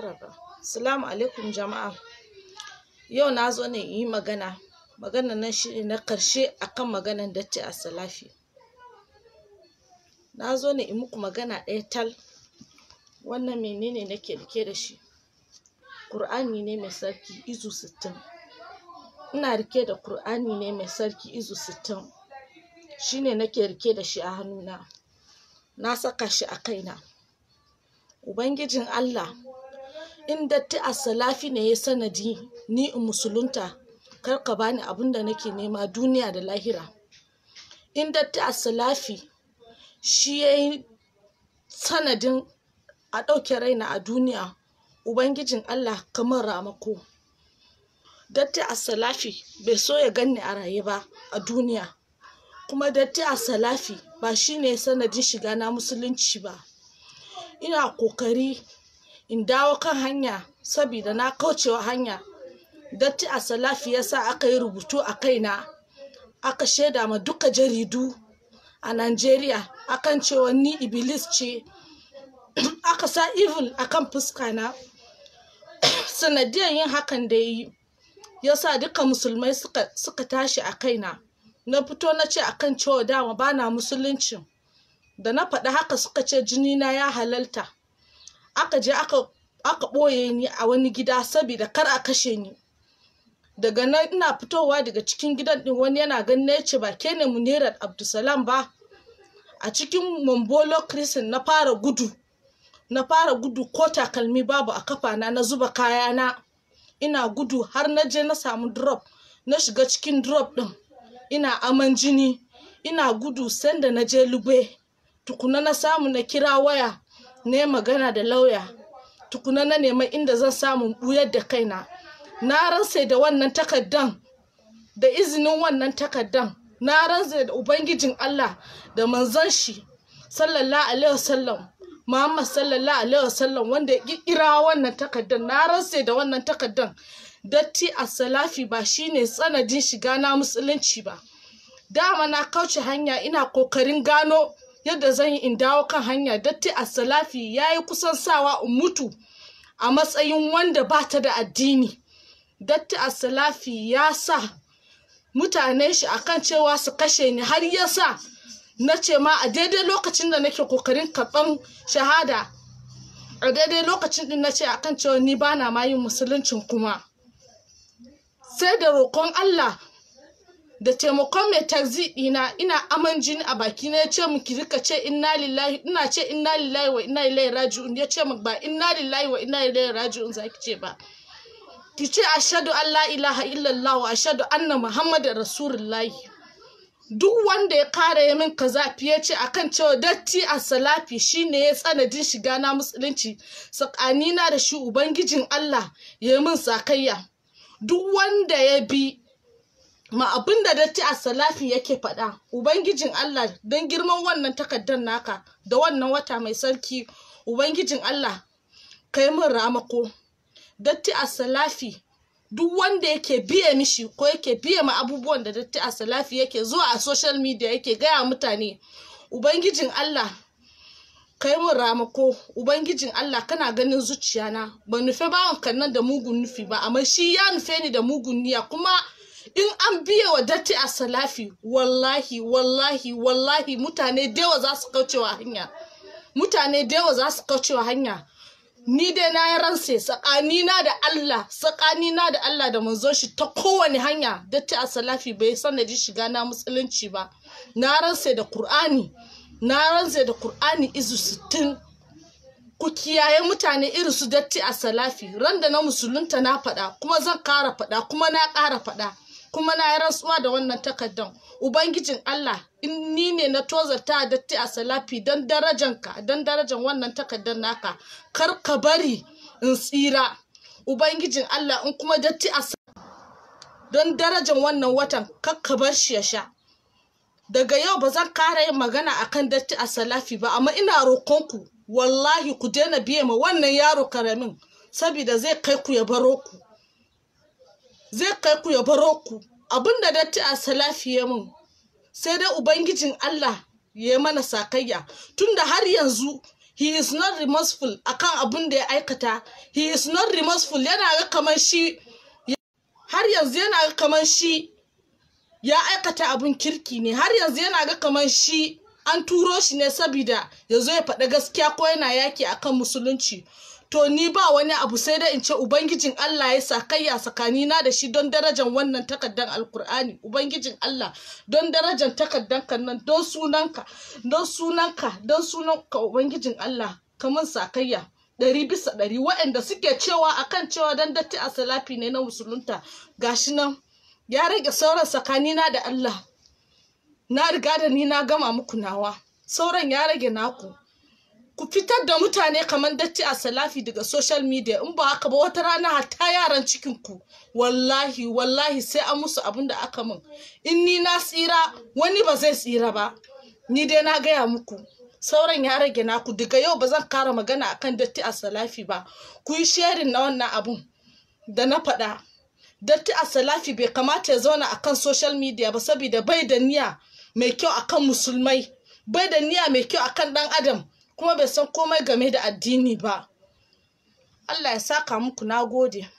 Raba. Salamu alaikum jama'a. Yau na zo ne yi magana. Maganan nan shi na ƙarshe akan maganan datti a salafi. Na zo ne in muku magana ɗaya tal. Wannan menene nake rike da shi? Kur'ani ne mai sarki izu sittin. Ina rike da Kur'ani ne mai sarki izu sittin. Shi ne nake rike da shi a hannuna. Na saka shi a kaina. Ubangijin Allah in datti a salafi ne ya sanadi ni in musulunta kar ka bani abin da nake nema duniya da lahira in datti a salafi shi ya yi sanadin a ɗauke raina a duniya ubangijin allah kamar ramako datti a salafi bai so ya ganni a raye ba a duniya kuma datti a salafi ba shine sanadin shiga na musulunci ba ina kokari in dawo kan hanya sabida na kaucewa hanya datti a salafi ya sa aka yi rubutu a kaina aka shaida ma duka jaridu a Najeriya akan cewa ni Iblis ce aka sa evil akan fuska na sanadiyar yin hakan da yi ya sa duka musulmai suka, tashi a kaina na fito na ce akan cewa dama bana musulunci da na faɗi haka suka ce jini na ya halalta aka je aka aka ɓoye ni a wani gida saboda kar a kashe ni daga nan ina fitowa daga cikin gidan din wani yana ganin na ce ba ke ne munirat abdulsalam ba a cikin mambolo kristin na fara gudu na fara gudu ko takalmi babu a kafana na zuba kayana ina gudu har na je na samu drop na shiga cikin drop ɗin ina aman jini ina gudu sanda na je lube tukuna na samu na kira waya yi magana da lauya tukuna na neman inda zan samu buyar da kaina na ransa da wannan takardan da izinin wannan takardan na ransa da ubangijin Allah da manzon shi sallallahu alaihi wasallam Muhammad sallallahu alaihi wasallam wanda ya kira wannan takardan na ransa da wannan takardan datti as-salafi ba shine tsanadin shiga na musulunci ba dama na kauce hanya ina kokarin gano yadda zan yi in dawo kan hanya datti asalafi ya yi kusan sawa in mutu a matsayin wanda ba ta da addini datti a salafi ya sa mutane shi akan cewa su kashe ni har ya sa na ce ma a daidai lokacin da nake kokarin karɓan shahada a daidai lokacin din na ce akan cewa ni ba na ma yin musuluncin kuma sai da roƙon Allah da taimakon mai taxi ɗina ina aman jini a baki na ya ce min ki rika ce inna lillahi ina ce inna lillahi wa inna ilaihi raji'un ya ce min ba inna lillahi wa inna ilaihi raji'un zaki ce ba ki ce ashhadu an la ilaha illallah wa ashhadu anna muhammadar rasulullahi duk wanda ya kare ya min kaza fiye ce akan cewa datti a salafi shine ya tsanadin shiga na musulunci tsakanina da shi ubangijin Allah ya min sakayya duk wanda ya bi ma abin da datti a salafi yake faɗa ubangijin Allah don girman wannan takardar naka da wannan wata mai sarki ubangijin Allah kai min ramako datti a salafi duk wanda yake biye mishi ko yake biye ma abubuwan da datti a salafi yake zuwa a social media yake gaya mutane ubangijin Allah kai min ramako ubangijin Allah kana ganin zuciyana ba nufe bawan kannan da mugun nufi ba amma shi ya nufe ni da mugun niyya kuma in an biya wa datti a salafi wallahi wallahi wallahi mutane dawa za su kaucewa hanya mutane dawa za su kaucewa hanya ni dai na yi ransa tsakanina da Allah tsakanina da Allah da manzon shi ta kowane hanya datti a salafi bai sanadi shiga na musulunci ba na ransa da Kur'ani na ransa da Kur'ani izu sittin. ku kiyaye mutane irin su datti a salafi randa na musulunta na faɗa kuma zan ƙara faɗa kuma na ƙara faɗa kuma na yi rantsuwa da wannan takardan ubangijin Allah in ni ne na tozarta datti a salafi don darajanka don darajan wannan takardan naka kar ka bari in tsira ubangijin Allah in kuma datti a don darajan wannan watan kar ka bar shi ya sha daga yau ba zan kara yin magana akan datti a salafi ba amma ina roƙonku wallahi ku daina biye ma wannan yaro karamin saboda zai kai ku ya baro ku zai kai ku ya baro ku abin da datti a salafi ya mun sai dai ubangijin Allah ya mana sakayya tunda har yanzu he is not remorseful akan abin da ya aikata he is not remorseful yana ga kamar shi har yanzu yana ga kamar shi ya aikata abin kirki ne har yanzu yana ga kamar shi an turo shi ne saboda ya zo ya faɗi gaskiya ko yana yaki akan musulunci to ni ba wani abu sai dai in ce ubangijin Allah ya sa tsakanina da shi don darajar wannan takaddan alkur'ani ubangijin Allah don darajar takaddan kan nan don sunanka don sunanka don sunanka ubangijin Allah kamar sakayya ɗari bisa ɗari waɗanda suke cewa akan cewa don datti a salafi ne na musulunta gashi nan ya rage sauran tsakanina da Allah na riga da ni na gama muku nawa sauran ya rage naku ku fitar da mutane kamar datti a salafi daga social media in ba haka ba wata rana hatta yaran cikin ku wallahi wallahi sai an musu abin da aka min in ni na tsira wani ba zai tsira ba ni dai na gaya muku sauran ya rage naku daga yau ba zan kara magana akan datti a salafi ba ku yi sharin na wannan abun da na faɗa datti a salafi bai kamata ya zauna akan social media ba saboda bai da niyya mai kyau akan musulmai bai da niyya mai kyau akan ɗan adam kuma bai san komai game da addini ba Allah ya saka muku na gode